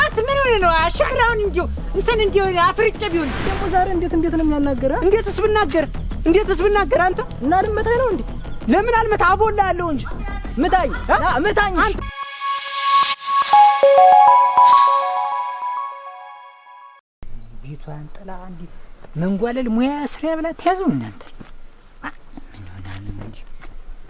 አንተ ምን ሆነህ ነው? አሸራውን እንዲሁ እንትን እንዲሁ አፍርጬ ቢሆንስ ደግሞ ዛሬ እንዴት እንዴት ነው የሚያናገር? እንዴትስ ብናገር እንዴትስ ብናገር? አንተ እና አይደል ነው እንዴ? ለምን አልመታ አቦላ ያለው እንጂ ምታኝ ምታኝ ቤቷን ጥላ እንዲህ መንጓለል ሙያ ስራ ብላ ተያዙ እናንተ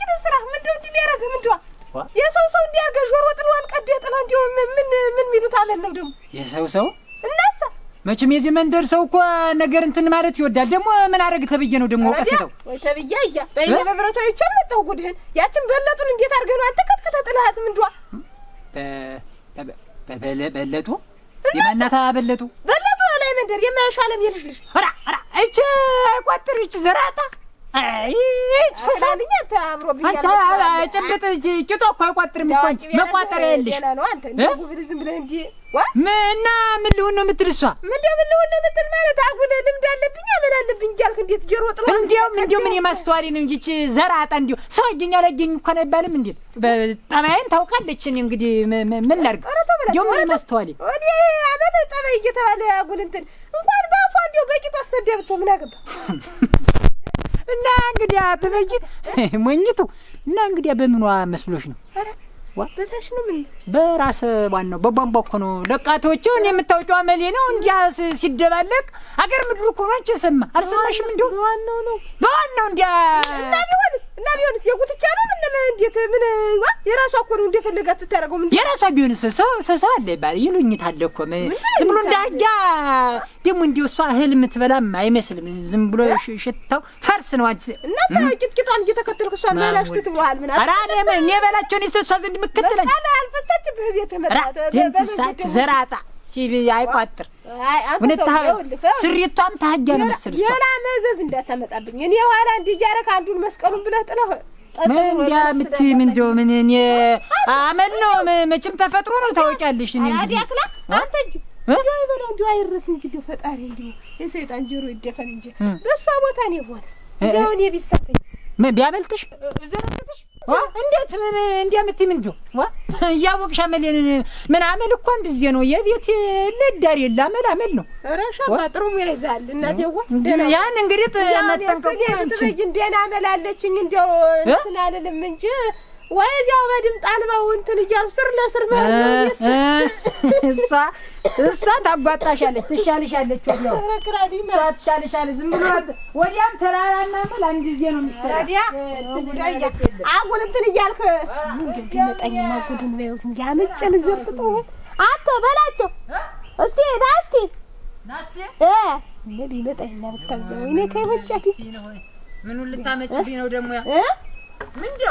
ታዋቂ ነው ስራ ምንድን ነው የሚያደርግህ? ምንድን የሰው ሰው እንዲያርገ ጆሮ ጥሏን ቀደህ ጥላ እንዲሁ ምን ምን ሚሉት አመል ነው ደግሞ የሰው ሰው እናሳ መቼም የዚህ መንደር ሰው እኮ ነገር እንትን ማለት ይወዳል። ደግሞ ምን አረግ ተብዬ ነው ደግሞ ቀስሰው ወይ ተብዬ አያ በእኔ በብረቷ ይቻል መጣሁ ጉድህን ያችን በለጡን እንዴት አድርገህ ነው አትከትከተ ጥልሃት ምንድዋ በለጡ የማናታ በለጡ በለጡ ላይ መንደር የማያሻለም የልሽ ልሽ ራ ራ እች ቆጥር እች ዘራጣ ጭብጥ እኮ አይቋጥርም እኮ አንቺ መቋጠሪያ የለሽ። እና ምን ልሁን ነው የምትል እሷ? ምንድን ምን ልሁን ነው የምትል ማለት አጉል ልምድ አለብኝ ምን አለብኝ እያልክ እንዴት ጆሮ ጥሎ እንዲሁም እንዲሁም እኔ ማስተዋሌ ነው እንጂ ዘራጣ እንዲሁ ሰው እየኛ ላገኝ እንኳን አይባልም። እንዴት ጠባይን ታውቃለች። እኔ እንግዲህ ምን ላድርግ እንዲሁም እኔ ማስተዋሌ እኔ አበለ ጠባይ እየተባለ አጉል እንትን እንኳን በአፏ እንዲሁ በቂጥ አሰደብቶ ምን አገባ እና እንግዲያ በበጅት ሞኝቱ እና እንግዲያ በምኗ መስሎሽ ነው? ዋ በታሽ ነው ምን በራስ ዋናው በቧንቧ እኮ ነው ለቃቶቹ ነው የምታውቂው አመሌ ነው። እንዲያ ሲደባለቅ አገር ምድሩ እኮ ነው። አንቺ ሰማ አልሰማሽም? እንዲሁ ዋን ነው በዋናው እንዲያ እና ቢሆንስ እና ቢሆንስ የጉትቻ ነው? ምን እንዴት ምን ዋ የራሷ እኮ ነው እንደፈለጋት ስታደርገው። ምን የራሷ ቢሆንስ ሰው ሰው አለ ይባል ይሉኝታ አለ እኮ ዝም ብሎ እንዳያ ደግሞ እንዲው እሷ እህል የምትበላም አይመስልም። ዝም ብሎ ሽታው ፈርስ ነው። አንቺ እና ቂጥቂጧን እየተከተልኩ እሷ ማላሽ ትትብሃል ምን አራ እኔ እኔ በላቸውን ይስተሷ ዘንድ ምክትለኝ አላ አልፈሰችብህ ቤት መጣ በበሰች ዘራጣ አይቋጥር ስሪቷም ነው ሌላ መዘዝ እንዳታመጣብኝ እኔ ኋላ እንዲህ እያደረክ አንዱን መስቀሉን ብለህ ጥለህ እንዲያ ምን ምን እኔ አመል ነው መቼም ተፈጥሮ ነው እኔ አንተ እንጂ አይረስ እንጂ ፈጣሪ የሰይጣን ጆሮ ይደፈን እንጂ ቦታ እኔ እንዴት ምን ምንጆ እንዱ እያወቅሽ አመሌን ምን አመል እኮ እንድዜ ነው የቤት ልዳር የለ አመል አመል ነው። ረሻ ጥሩ ይዛል እናቴዋ ያን እንግዲህ መጠንቀቅ እንዴና አመላለችኝ እንዲው እንትን አልልም እንጂ ወይዚያው በድምጥ አልባው እንትን እያሉ ስር ለስር እሷ እሷ ታባጣሻለች፣ ትሻልሻለች። እሷ ትሻልሻለች። ዝም ብሎ ወዲያም ተራራና አንድ ጊዜ ነው የሚሰራው። አጉል እንትን እያልክ አቶ በላቸው እስቲ ና እስቲ ብታዘበው እኔ ፊት ምኑን ልታመጭብኝ ነው ደግሞ ያ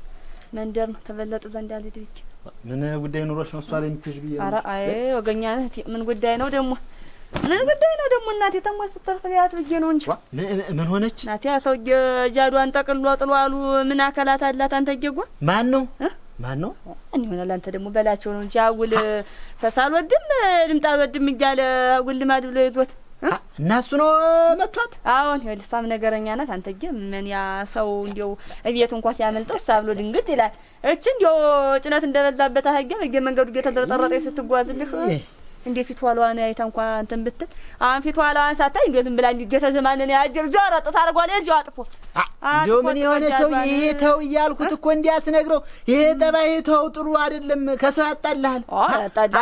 መንደር ነው ተበለጡ ዘንድ አልሄድልኝ። ምን ጉዳይ ኑሮሽ ነው እሷ ላይ የምትሄጂ ብዬ ኧረ አይ ወገኛ ነህ። ምን ጉዳይ ነው ደግሞ? ምን ጉዳይ ነው ደግሞ? እናቴ ተማ ስትተርፍ ያት ብዬ ነው እንጂ ምን ሆነች እናቴ? ሰው ጃዷን ጠቅልሎ ጥሎ አሉ ምን አካላት አላት። አንተ ጌጓ ማን ነው ማን ነው? እኔ ሆነ አንተ ደግሞ በላቸው ነው እንጂ አጉል ፈሳል ወድም ድምጣ ወድም እያለ አጉል ልማድ ብሎ ይዞት እና እሱ ነው መቷት። አሁን ይኸውልህ እሷም ነገረኛ ናት። አንተ ግን ምን ያ ሰው እንዲው እቤቱ እንኳ ሲያመልጠው እሷ ብሎ ድንግጥ ይላል። እቺ እንዲያው ጭነት እንደበዛበት አህያ በየ መንገዱ እየተጠረጠረጠ ስትጓዝልህ እንዴ ፊት ኋላዋን አይታ እንኳ እንትን ብትል አሁን ፊት ኋላዋን ሳታይ እንዴ ዝም ብላ እንዲ እየተዘማንን ያጀር ጆሮ ጥታ አርጓል። እዚሁ አጥፎ እንዲ ምን የሆነ ሰው ይሄ ተው እያልኩት እኮ እንዲያስነግረው ይሄ ጠባይ ተው ጥሩ አይደለም፣ ከሰው ያጣልሃል።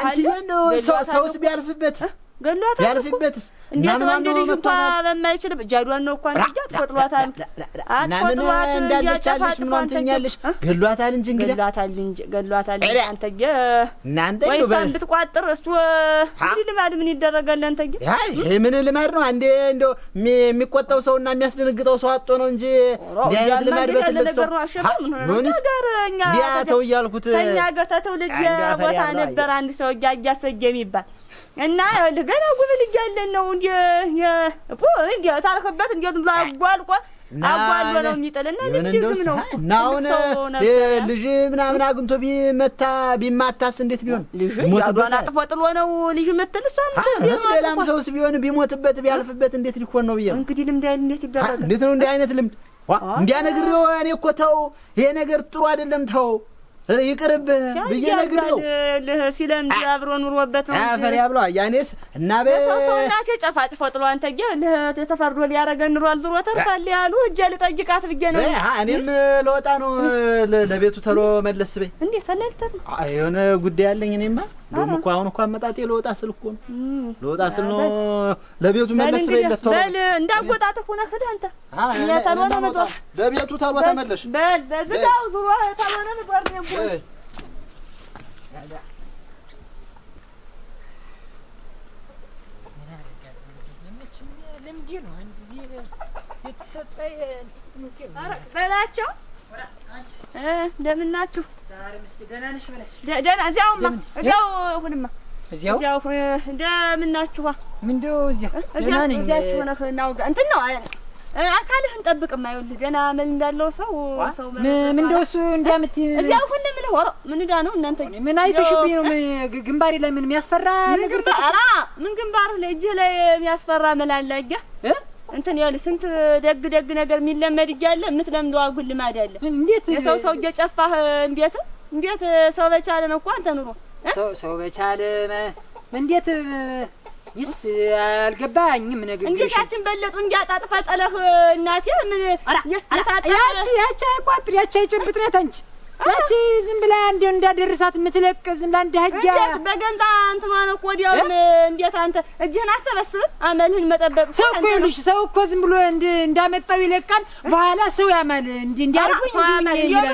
አንቺ ሰውስ ቢያልፍበት ገሏት ያልፊበትስ እንዴት ወንድ ልጅ እንኳ በማይችል ጃዷን ነው እኳ እንጃት ቆጥሏታል። አትቆጥሏት እንዳልቻለሽ ምን ትኛለሽ። ገሏታል እንጂ እንግዲህ ገሏታል እንጂ ገሏታል እንጂ አንተየ እናንተ ወይ እሷን ብትቋጥር እሱ ምን ልማድ ምን ይደረጋል? አንተየ አይ ይሄ ምን ልማድ ነው? አንዴ እንደው የሚቆጣው ሰውና የሚያስደነግጠው ሰው አጥቶ ነው እንጂ ያያት ልማድ በትልቅ ሰው ሆነስ ያ ተው እያልኩት ተኛ ገታ ልጅ ቦታ ነበር አንድ ሰው እያያሰየ የሚባል እና ገና ጉብል እያለን ነው እንዲ እንዲ ታልክበት እንዲ ዝም ብሎ አጓልቆ አጓሎ ነው የሚጥልና ልጅም ነው እና አሁን ልጅ ምናምን አግኝቶ ቢመታ ቢማታስ እንዴት ሊሆን ልጅ ያዷን አጥፎ ጥሎ ነው ልጅ ምትል እሷም ሌላም ሰውስ ቢሆን ቢሞትበት ቢያልፍበት እንዴት ሊሆን ነው ብዬ እንግዲህ ልምድ እንዴት ይደረጋል? እንዴት ነው እንዲህ አይነት ልምድ እንዲያነግሬው እኔ እኮ ተው ይሄ ነገር ጥሩ አይደለም ተው ይቅርብህ ብዬ ነግሬው ሲለምድ አብሮ ኑሮበት ነው። አፈር ያብለዋ ያኔስ እና በሰው እናቴ ጨፋጭፎ ጥሎ አንተዬ ተፈርዶ ሊያረገን ኑሯል ዙሮ ተርፋል ያሉ እጄ ልጠይቃት ብዬ ነው። እኔም ለወጣ ነው ለቤቱ ተሎ መለስ በይ። እንዴ ተለልተን የሆነ ጉዳይ አለኝ እኔማ ደሞ እኮ አሁን እኮ አመጣጤ ለወጣ ስል እኮ ነው ለወጣ ስል ነው ለቤቱ መለስ በይ። ለተው በል እንዳጎጣጥህ ሆነህ ሂድ አንተ እኛ ተሎ ነው መዞር ለቤቱ ተሎ ተመለሽ በል በዝጋው ዙሮ ተሎ ነው መዞር ነው เลย በላቸው እንደምን ናችሁ? ደህና እዚያውማ እዚያው ሁንማ እዚያው እንደምን ናችኋ? ምንድን ነው እዚያ እዚያችሁ ነህ እናውጋ እንትን ነው አካልህን ጠብቅ። የማይሆን ገና ምን እንዳለው ሰው ሰው ምን እንደው እሱ እንዳምት እዚያው ሁን ምን ሆሮ ምን ዳ ነው እናንተ ምን አይተሽብኝ ነው? ምን ግንባሬ ላይ ምን የሚያስፈራ ነገር ታራ ምን ግንባር ላይ እጅህ ላይ የሚያስፈራ መላላጋ እንትን ያለ ስንት ደግ ደግ ነገር የሚለመድ እያለ የምትለምደው አጉል ልማድ አለ። እንዴት የሰው ሰው እየጨፋህ እንዴት እንዴት ሰው በቻለ ነው እኮ አንተ ኑሮ ሰው ሰው በቻለ እንዴት ይስ አልገባኝም ነገሩ። እንዴታችን በለጡ እንጂ አጣጥፋ ጠለህ እናቴ ምን ያቺ ያቺ አይቋጥር ያቺ አይጨብጥ ናት። አንቺ ያቺ ዝም ብላ እንደ እንዴ እንዳደረሳት የምትለቅዝ እንዳንድ እንዴት በገንዛ እንትማ ነው። ወዲያውም እንዴት አንተ እጅህን አሰበስብ አመልህን መጠበቅ ሰው እኮ ይኸውልሽ፣ ሰው እኮ ዝም ብሎ እንዳመጣው ይለቃል። በኋላ ሰው ያማል እንዲ እንዲያርጉኝ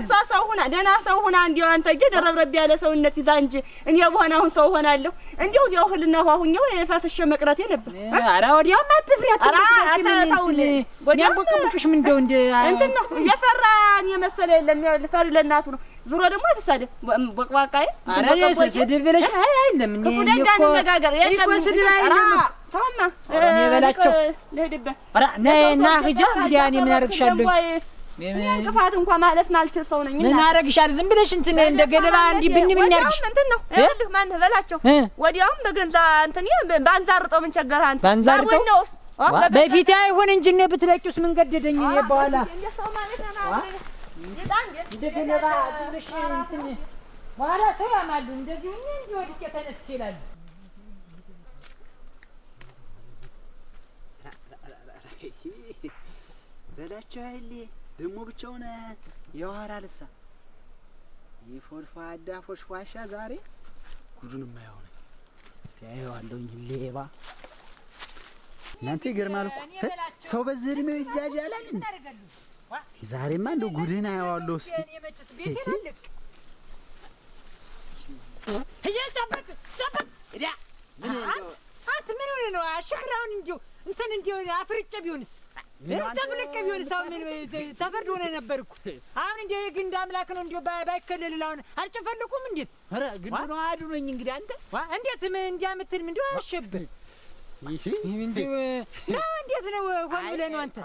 እሷ ሰው ሆና ደህና ሰው ሆና እንዲ አንተ እጅ ደረብረብ ያለ ሰውነት ይዛ እንጂ እኔ በሆነ አሁን ሰው ሆናለሁ እንዲሁ እዚያው ህልና ሁኛው የፋትሸ መቅረቴ ነበር። ኧረ ወዲያውም አትፍሪ አትተውል ወዲያ ቦቅቦቅሽ ምንደው እንደ እንትን ነው እየፈራ የመሰለ የለም ፈሪ ለእናቱ ነው ዙሮ ደግሞ አትሳደብ። በቅባቃይ ኧረ ስድብ ብለሽ አይ አይደለም እኔ እኮ ነጋገር የለም ስድብ አይደለም። ታውና እኔ በላቸው ልሂድበት። ኧረ ነይና ሂጂ እንግዲህ እኔ ምን አደርግሻለሁ? ቅፋት እንኳ ማለት ማልችል ሰው ነኝ። ምን አደርግሻለሁ? ዝም ብለሽ እንትን እንደ ገደባ እንዲህ ብን ብን ያርግሽ እንትን ነው። ይኸውልህ ማነህ በላቸው ወዲያውም በገንዛ እንትን ባንዛርጠው ምን ቸገረህ አንተ? ባንዛርጠው በፊት አይሆን እንጂ እኔ ብትለቂውስ ምን ገደደኝ እኔ በኋላ እንደ ገለባ ትንሽ እንትን በኋላ ሰው ያማሉ። እንደዚህ ሁኜ እንዲወድቄ ተነስቼ ይላሉ። በላቸው አይሌ ደግሞ ብቻውን የዋራ ልሳ የፎድፋዳ ፎሽፏሻ ዛሬ ጉዱን የማይሆነ እስቲ አየዋለሁኝ ሌባ እናንተ ይገርማል እኮ ሰው በዚህ እድሜው ይጃጃላል እንዴ? ዛሬማ እንደ ጉድህን አያዋለሁ። እስኪ አንተ ምን ሆነህ ነው? አሸራውን እንዲሁ እንትን እንዲሁ አፍርጬ ቢሆንስ ተፍልቄ ቢሆንስ አሁን ምን ተፈርዶ ሆነ ነበርኩ። አሁን እንዲሁ ግን አምላክ ነው እንዲሁ ባይከለል አሁን አልጨፈልኩም። እንዴት ግንድ ነው አድኖኝ እንግዲህ አንተ እንዴት እንዲያ ምትል እንዲሁ አሸብህ እንዲሁ ነው እንዴት ነው ሆን ብለህ ነው አንተ?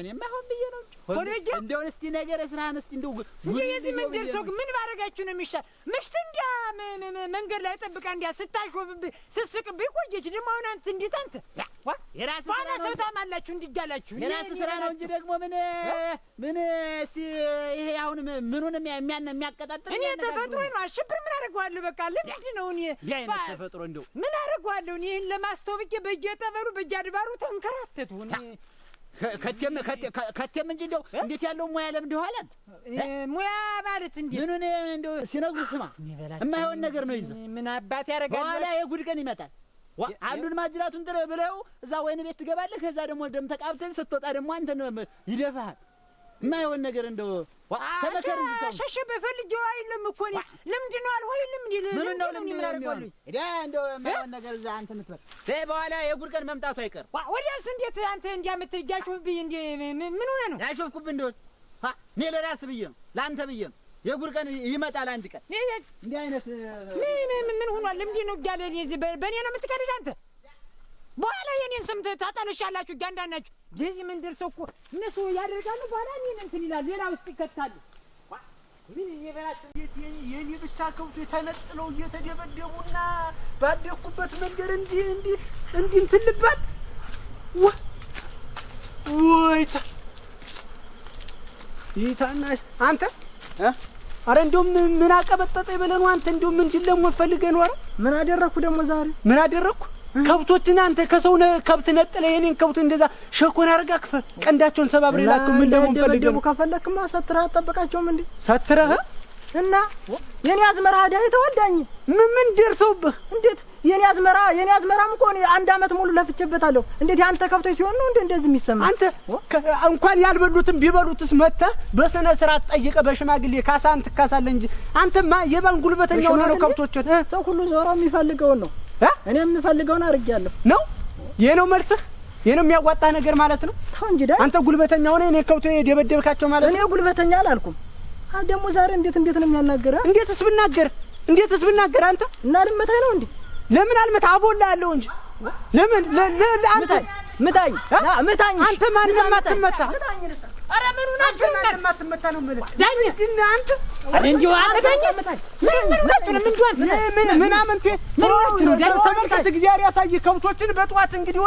እኔማ ሆን ብዬ ነው እንጂ ሆን እንደውን እስቲ ነገር ስራህን እስቲ እንደው እንዲህ የዚህ መንደር ሰው ምን ባደረጋችሁ ነው የሚሻል? ምሽት እንዲያ መንገድ ላይ ጠብቃ እንዲያ ስታሾፍብህ ስስቅብህ ቆየች። ደግሞ አሁን አንተ እንዴት አንተ የራስህ ስራ ነው ታማላችሁ እንዲጋላችሁ የራስህ ስራ ነው እንጂ ደግሞ ምን ምን እስቲ ይሄ አሁን ምኑንም የሚያን የሚያቀጣጥል እኔ ተፈጥሮ ነው አሸብር ምን አደርገዋለሁ? በቃ ልምድ ነው። እኔ ያ ተፈጥሮ እንደው ምን አደርገዋለሁ? ይህን ለማስተው ብዬ በእጄ ጠበሉ ተንከራተቱ ከቴም እንጂ እንደው እንዴት ያለው ሙያ ለምድ ኋላት ሙያ ማለት እንዴት ምኑን እንደው ሲነግሩ ስማ፣ የማይሆን ነገር ነው ይዘህ ምን አባት ያደርጋል። በኋላ የጉድ ቀን ይመጣል። አንዱን ማጅራቱን ጥር ብለው እዛ ወይን ቤት ትገባለህ። ከዛ ደግሞ ደም ተቃብተን ስትወጣ ደግሞ አንተን ይደፋሃል። የማይሆን ነገር እንደው ተመከር ሸሸ በፈልጌው አይልም እኮ እኔ ልምድ ነው አልሆይልም እንዴ ምን ነው ልምድ ነው የሚሆነው እዳ እንደው የማይሆን ነገር እዛ አንተ የምትበል ዘይ በኋላ የጉድ ቀን መምጣቱ አይቀርም ወዲያስ እንዴት አንተ እንዲያ የምትጃሾፍብኝ እንዴ ምን ሆነ ነው ያሾፍኩብህ እንደውስ እኔ ለራስ ብዬ ነው ለአንተ ብዬ ነው የጉድ ቀን ይመጣል አንድ ቀን እንዲህ አይነት ምን ምን ሆኗል ልምድ ነው እያለ በእኔ ነው የምትቀልድ አንተ በኋላ የኔን ስም ታጠለሻላችሁ። እያንዳንዳችሁ የዚህ መንደር ሰው እኮ እነሱ ያደርጋሉ። በኋላ እኔን እንትን ይላሉ፣ ሌላ ውስጥ ይከታሉ። የኔ ብቻ ከብቶ የተነጥለው እየተደበደቡና ባደኩበት መንገድ እንዲህ እንዲህ እንዲህ እንትን ልባል ወይታ ይታናሽ አንተ አረ እንደውም ምን አቀበጠጠ ይበለኑ አንተ እንደውም ምንድን ለመፈልገ ነው? አረ ምን አደረግኩ ደግሞ ዛሬ ምን አደረግኩ ከብቶችን አንተ ከሰው ከብት ነጥለ የኔን ከብት እንደዛ ሸኮን አርጋ ክፈ ቀንዳቸውን ሰባብሬ ላክ። ምን ደሞ ፈልገው ከፈለክማ ሰትረህ አጠብቃቸውም እንዴ ሰትረህ እና የኔ አዝመራ ዳይ ተወልዳኝ ምን ምን ደርሰውብህ እንዴት የኔ አዝመራ የኔ አዝመራም እኮ አንድ አመት ሙሉ ለፍቼበታለሁ። እንዴት ያንተ ከብቶች ሲሆን ነው እንደ እንደዚህ የሚሰማ? አንተ እንኳን ያልበሉትም ቢበሉትስ መጥተህ በስነ ስርዓት ጠይቀ በሽማግሌ ካሳህን ትካሳለህ እንጂ አንተማ የባን ጉልበተኛ ሆነ ነው ከብቶችን ሰው ሁሉ ዞሮ የሚፈልገውን ነው እኔ የምፈልገውን አድርጌያለሁ። ነው ይሄ ነው መልስህ? ይሄ ነው የሚያዋጣህ ነገር ማለት ነው? ተው እንጂ ዳ አንተ ጉልበተኛ ሆነ እኔ ከብቶ የደበደብካቸው ማለት ነው። እኔ ጉልበተኛ አላልኩም። ደግሞ ዛሬ እንዴት እንዴት ነው የሚያናገረ? እንዴትስ ብናገር እንዴትስ ብናገር? አንተ እና ልመታኝ ነው እንዴ? ለምን አልመታ አቦላ ያለው እንጂ ለምን ለአንተ ምታኝ ምታኝ። አንተ ማን ልሳ ኧረ ምኑ ናችሁ ያሳይ ከብቶችን በጠዋት እንግዲህ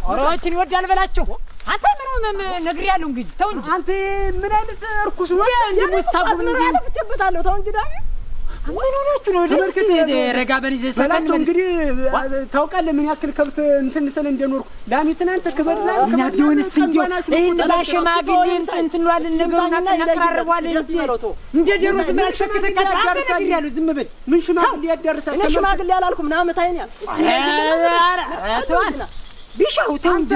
ሰባብሮችን ይወዳል በላቸው። አንተ ምንም ነግሬያለሁ። እንግዲህ ተው እንጂ አንተ ምን አይነት እርኩስ ነው? ምን ሆናችሁ ነው? ተመልከት ረጋ በል ይዘህ ሰላም እንግዲህ ታውቃለህ ምን ያክል ከብት እንትን ስል እንደኖርኩ ላሚ ትናንት ክበድ ላይ እናዲሆንስ እንዲው ይህን ባሸማግሌ እንትንሏል ነገሩን እናቀራርቧል እንጂ እንደ ጀሮ ዝም ብላ ሸክተካ ያዳርሳል ያሉ ዝም ብል ምን ሽማግሌ ያዳርሳል? እኔ ሽማግሌ አላልኩም ና መታይን ያል ተዋት ቢሻው ተው እንጂ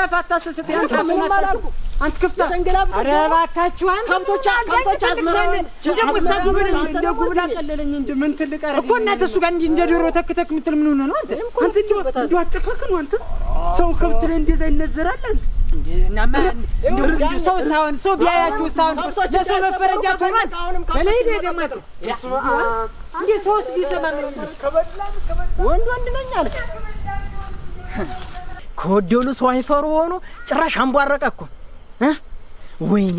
ረፍ አታስስት ያንተ ምን አላልኩም አትክፍታ ከፍታ ኧረ እባካችሁ አንተ ከብቶች ከብቶች ሙሳ ጉብር እንደ ጉብላ ቀለለኝ ምን እኮ ጋር እንደ ምን ሆነ አንተ ነው አንተ ሰው ሳይሆን ሰው ቢያያችሁ ሳይሆን ለሰው መፈረጃ እንደ ሰውስ ቢሰማ ምን ወንድ ወንድ ነኝ አለ ከወደሉ ሰው አይፈሩ ሆኑ። ጭራሽ አንቧረቀ እኮ ወይኔ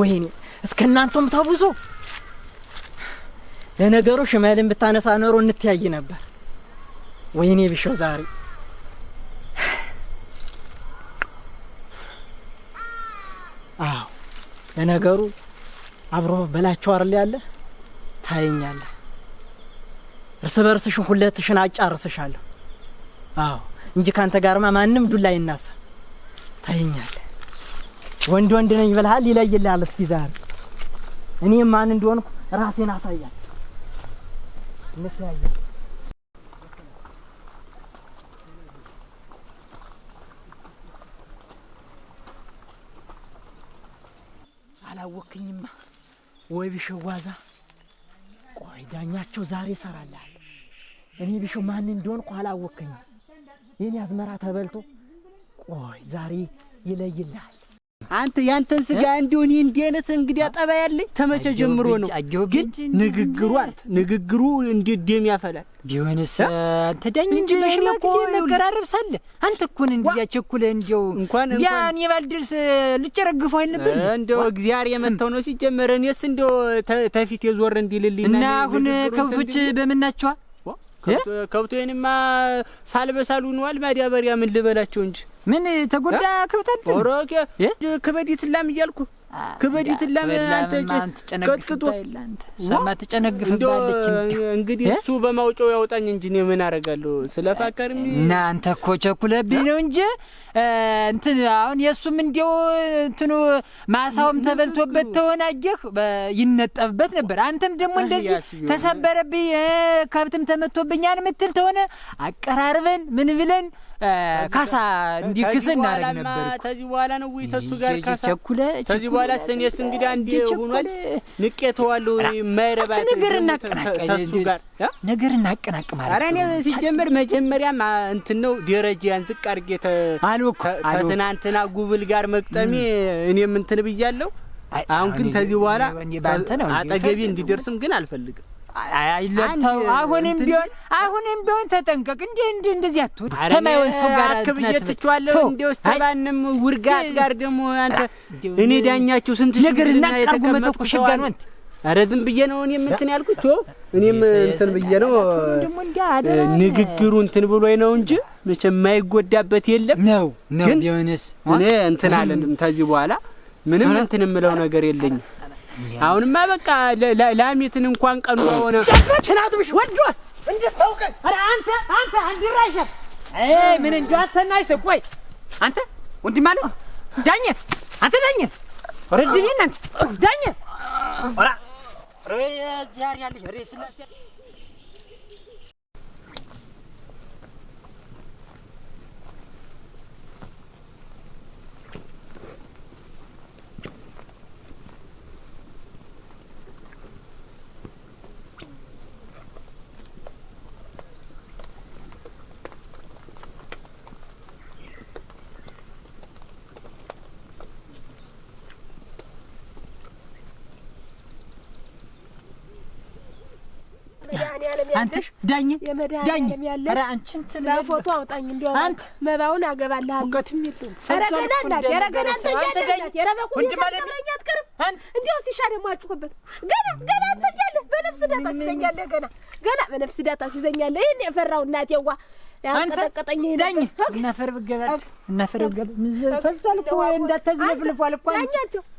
ወይኔ እስከ እናንተም ለነገሩ ሽመልን ብታነሳ ኖሮ እንትያይ ነበር። ወይኔ ብሾ ዛሬ አዎ ለነገሩ አብሮ በላቸው አርል ያለ ታየኛለህ። እርስ በርስሽን ሁለትሽን አጫርስሻለሁ። አዎ እንጂ ካንተ ጋርማ ማንም ዱላ ይናሳ ታየኛለህ። ወንድ ወንድ ነኝ ብለሃል፣ ይለይልሃል። እስኪ ዛሬ እኔ ማን እንደሆንኩ ራሴን አሳያል። እንተያያል። አላወክኝማ ወይ ቢሸው ዋዛ። ቆይ ዳኛቸው ዛሬ ይሰራልሃል። እኔ ቢሸው ማን እንደሆንኩ አላወክኝም። የኔ አዝመራ ተበልቶ ቆይ ዛሬ ይለይልሃል። አንተ ያንተን ስጋ እንዲሁን ይህ እንዲህ አይነት እንግዲህ አጠባ ያለኝ ተመቸ ጀምሮ ነው። ግን ንግግሩ አንተ ንግግሩ እንዴት ደም ያፈላል። ቢሆንስ አንተ ዳኝ እንጂ ለሽመኮ መቀራረብ ሳለ አንተ እኮ ነህ እንዲያ ቸኩለህ እንዲው እንኳን ያን የባልድርስ ልጨረግፈው አልነበር እንዲያው እግዚአብሔር የመተው ነው ሲጀመረ እኔስ እንዲያው ተፊት የዞር እንዲልልኝ እና አሁን ከብቶች በምናቸዋ ከብቶ የኔማ ሳልበሳሉ ነዋል ማዳበሪያ ምን ልበላቸው እንጂ ምን ተጎዳ? ክብተት ኦሮኬ ክበዲት ላም እያልኩ ክበዲት ላም አንተ ቀጥቅጦ ሰማትጨነግፍባለች። እንግዲህ እሱ በማውጫው ያውጣኝ እንጂ እኔ ምን አደርጋለሁ? ስለፋከርም እናንተ እኮ ቸኩለብኝ ነው እንጂ እንትን አሁን የእሱም እንዲው እንትኑ ማሳውም ተበልቶበት ተሆነ አየህ፣ ይነጠብበት ነበር። አንተም ደግሞ እንደዚህ ተሰበረብኝ ከብትም ተመቶብኛል ምትል ተሆነ አቀራርበን ምን ብለን ካሳ እንዲክስ እናደርግ ነበር። ከዚህ በኋላ ነው ወይ ተሱ ጋር ካሳ ቸኩለ ከዚህ በኋላ ስኔስ እንግዲህ አንድ ሆኗል። ንቄተዋለሁ የማይረባት ነገር እናቀናቅ ጋር ነገር እናቀናቅ ማለት አረ እኔ ሲጀመር መጀመሪያም እንትን ነው ደረጃን ዝቅ አድርጌ ከትናንትና ጉብል ጋር መቅጠሜ እኔም እንትን ብያለሁ። አሁን ግን ከዚህ በኋላ አጠገቤ እንዲደርስም ግን አልፈልግም። አይለተው አሁንም ቢሆን አሁንም ቢሆን ተጠንቀቅ። እንዴ እንዴ እንደዚህ አትሁን። ተማይወን ሰው ጋር አክብዬ ትችዋለሁ። እንዴ ባንም ውርጋት ጋር ደግሞ አንተ እኔ ዳኛችሁ ስንት ነገር እና ቃርጉ መተኩሽ ጋር ነው አንተ አረ ዝም ብዬ ነው እኔም እንትን ያልኩት እኔም እንትን ብዬ ነው ንግግሩ እንትን ብሎኝ ነው እንጂ መቼም የማይጎዳበት የለም ነው ነው ቢሆንስ እኔ እንትን አለን ተዚህ በኋላ ምንም እንትን የምለው ነገር የለኝም። አሁንማ በቃ ላሚትን እንኳን ቀኑ ሆነ። ጭናትሽ ወዶ እንዴት ታውቀ? ኧረ አንተ አንተ አንድራሽ አይ ምን እንጂ አንተ ናይስ ቆይ አንተ ወንድም አለ ዳኘ አንተ ዳኘ ረድልኝ አንተ ዳኘ ኧረ ኧረ ዛሬ ያለሽ ኧረ ስላሴ አንተሽ ዳኝ ዳኝ አንቺን ፎቶ አውጣኝ አንተ መባውን አገባልሃለሁ። እውቀትም የለውም። ኧረ ገና አትቀርም። ገና ገና በነፍስ ዳታ ሲዘኛለ ገና ገና በነፍስ ዳታ ይህን የፈራው እናቴዋ ያንቀጠቀጠኝ ዳኝ እናፈር ብገባ እናፈር ብገባ ምን ፈዝቷል እኮ እንዳታዝለፍልፏል እኮ አንቺ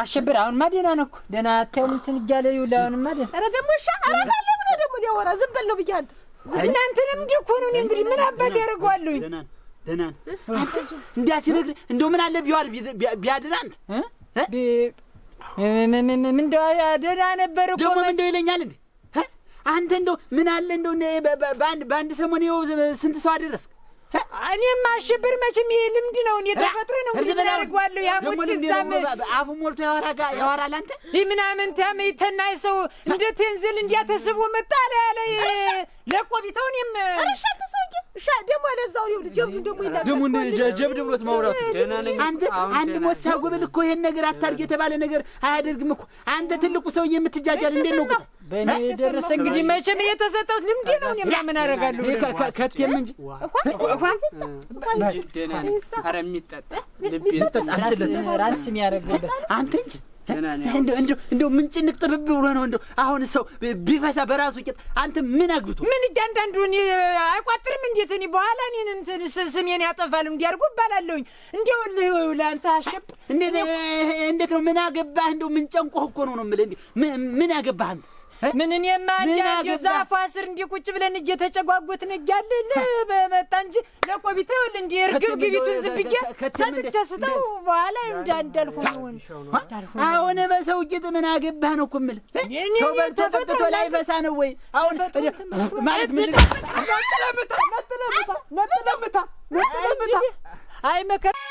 አሸብር አሁንማ ደህና ነው እኮ ደህና አታየውም እንትን እያለ ይኸውልህ አሁንማ ደህና ኧረ ደግሞ እሺ ኧረ ፈለግ ደግሞ ሊያወራ ዝም በል ነው አንተ እናንተንም እንዲህ እኮ ነው እኔ እንግዲህ ምን አባት ያደርገዋለሁኝ ደህና እንዳትነግረኝ እንደው ምን አለ ቢዋል ቢያድር አንተ እንደው ደህና ነበር እኮ ደግሞ እንደው ይለኛል እንዴ አንተ እንደው ምን አለ እንደው በአንድ ሰሞን ይኸው ስንት ሰው አደረስክ እኔም አሸበር መቼም ይሄ ልምድ ነው፣ እኔ ተፈጥሮ ነው። እንግዲህ ምን አድርጓለሁ? ያሙት ዛም አፉ ሞልቶ ያወራ ያወራ ላንተ ይምናምን ምናምን ታመይተና ሰው እንደ ቴንዝል እንዲያ ተስቦ መጣ አለ ያለ ለቆቢታውን የም አረሻት ሰውዬ ሻ ደግሞ ለዛው ይሁን ጀብዱ ደግሞ ይላል ደግሞ ጀብድ ብሎት ማውራቱ አንድ አንድ ሞሳ ጎበል እኮ ይሄን ነገር አታርግ የተባለ ነገር አያደርግም እኮ አንተ ትልቁ ሰውዬ የምትጃጃል እንዴት ነው በእኔ ደረሰ እንግዲህ መቼም የተሰጠሁት ልምድ ነው እኔ ምን አደርጋለሁ ከቴም እንጂ ኧረ የሚጠጣ ልቤ ራስ የሚያደርግበት አንተ እንጂ እንደው ምን ጭንቅ ጥብብ ብሎ ነው እንደው አሁን ሰው ቢፈሳ በራሱ ቂጥ አንተ ምን አግብቶ ምን እያንዳንዱን አይቋጥርም? እንዴት እኔ በኋላ እኔን እንትን ስሜን ያጠፋል እንዲያርጉ እባላለሁኝ። እንደው ለአንተ አሸብ እንዴት ነው ምን አገባህ? እንደው ምን ጨንቆህ እኮ ነው ነው የምልህ። ምን አገባህ አንተ ምን እኔማ እንደ ዛፏ ስር እንዲህ ቁጭ ብለን እየተጨጓጎትን እያለን በመጣ እንጂ ለቆቢተ ይኸውልህ እንዲህ እርግብ ግቢቱን ዝም ብዬ ሰጥቼ ስተው በኋላ እንዳልሆነ አሁን በሰው ጌጥ ምን አገባህ ነው እኮ የምልህ። ሰው በልቶ ጠጥቶ ላይ ፈሳ ነው ወይ አሁን ማለት ምን ነጥለምታ ነጥለምታ ነጥለምታ ነጥለምታ አይ መከራ